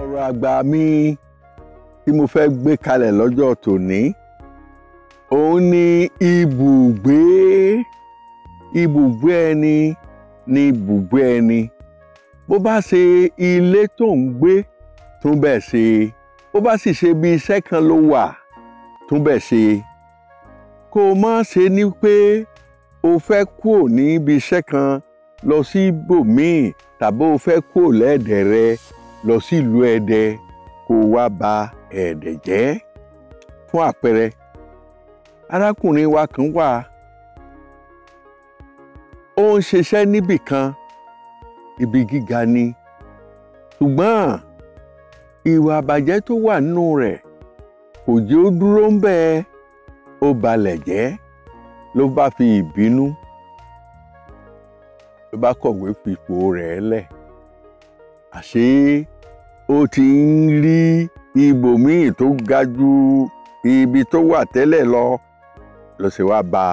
ọ̀rọ̀ àgbà mi tí mo fẹ́ gbé kalẹ̀ lọ́jọ́ tòní òun ni ibùgbé ibùgbé ẹni ni ibùgbé ẹni bó bá ṣe ilé tó ń gbé tún bẹ̀ ṣe bó bá sì ṣe bí iṣẹ́ kan ló wà tún bẹ̀ ṣe kó o má ṣe ní pé o fẹ́ kúò ní ibi iṣẹ́ kan lọ sí ibòmíì tàbí o fẹ́ kúò lẹ́ẹ̀dẹ̀ lọ sí ìlú ẹdẹ kó wá ba ẹdẹ jẹ́ fún àpẹẹrẹ arákùnrin wa kan wà ó ń ṣiṣẹ́ níbì kan ibi gíga ni ṣùgbọ́n ìwà àbàjẹ́ tó wà nínú rẹ̀ kò jẹ́ ó dúró ń bẹ́ẹ̀ ó balẹ̀ jẹ́ ló bá fi ìbínú ló bá kọ̀wé fipò rẹ̀ lẹ̀ àṣé ó ti ń rí ibòmíì tó ga ju ibi tó wà tẹ́lẹ̀ lọ ló sì wá ba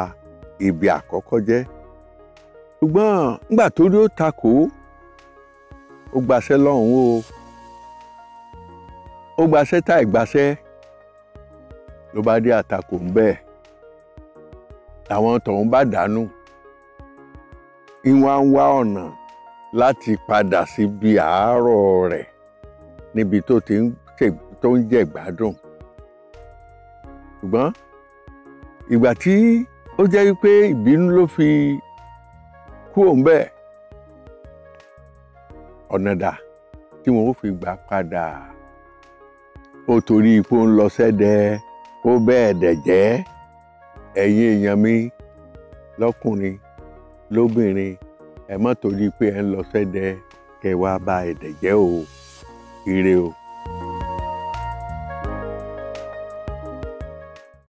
ibi àkọ́kọ́ jẹ́ ṣùgbọ́n nígbà tó rí ó takò ó gbaṣẹ́ lọ́hùn o ó gbaṣẹ́ tá ìgbaṣẹ́ ló bá dé àtakò ń bẹ́ẹ̀ làwọn tọ̀hún bá dànù ìwọ̀n wá ọ̀nà láti padà síbi àárọ̀ rẹ̀ níbi tó ti ń tó ń jẹ gbádùn ṣùgbọ́n ìgbà tí ó jẹ́ wípé ìbínú ló fi kú òun bẹ́ẹ̀ ọ̀nà dà tí wọn ó fi gbà padà ó torí ipò ń lọ sẹ́dẹ̀ kó bẹ́ẹ̀ dẹ̀ jẹ́ ẹ̀yin èèyàn mi lọ́kùnrin lóbìnrin ẹ má torí pé ẹ ń lọ sẹ́dẹ̀ kẹ́ bá ẹ̀dẹ̀ jẹ́ o. ஈடேவும்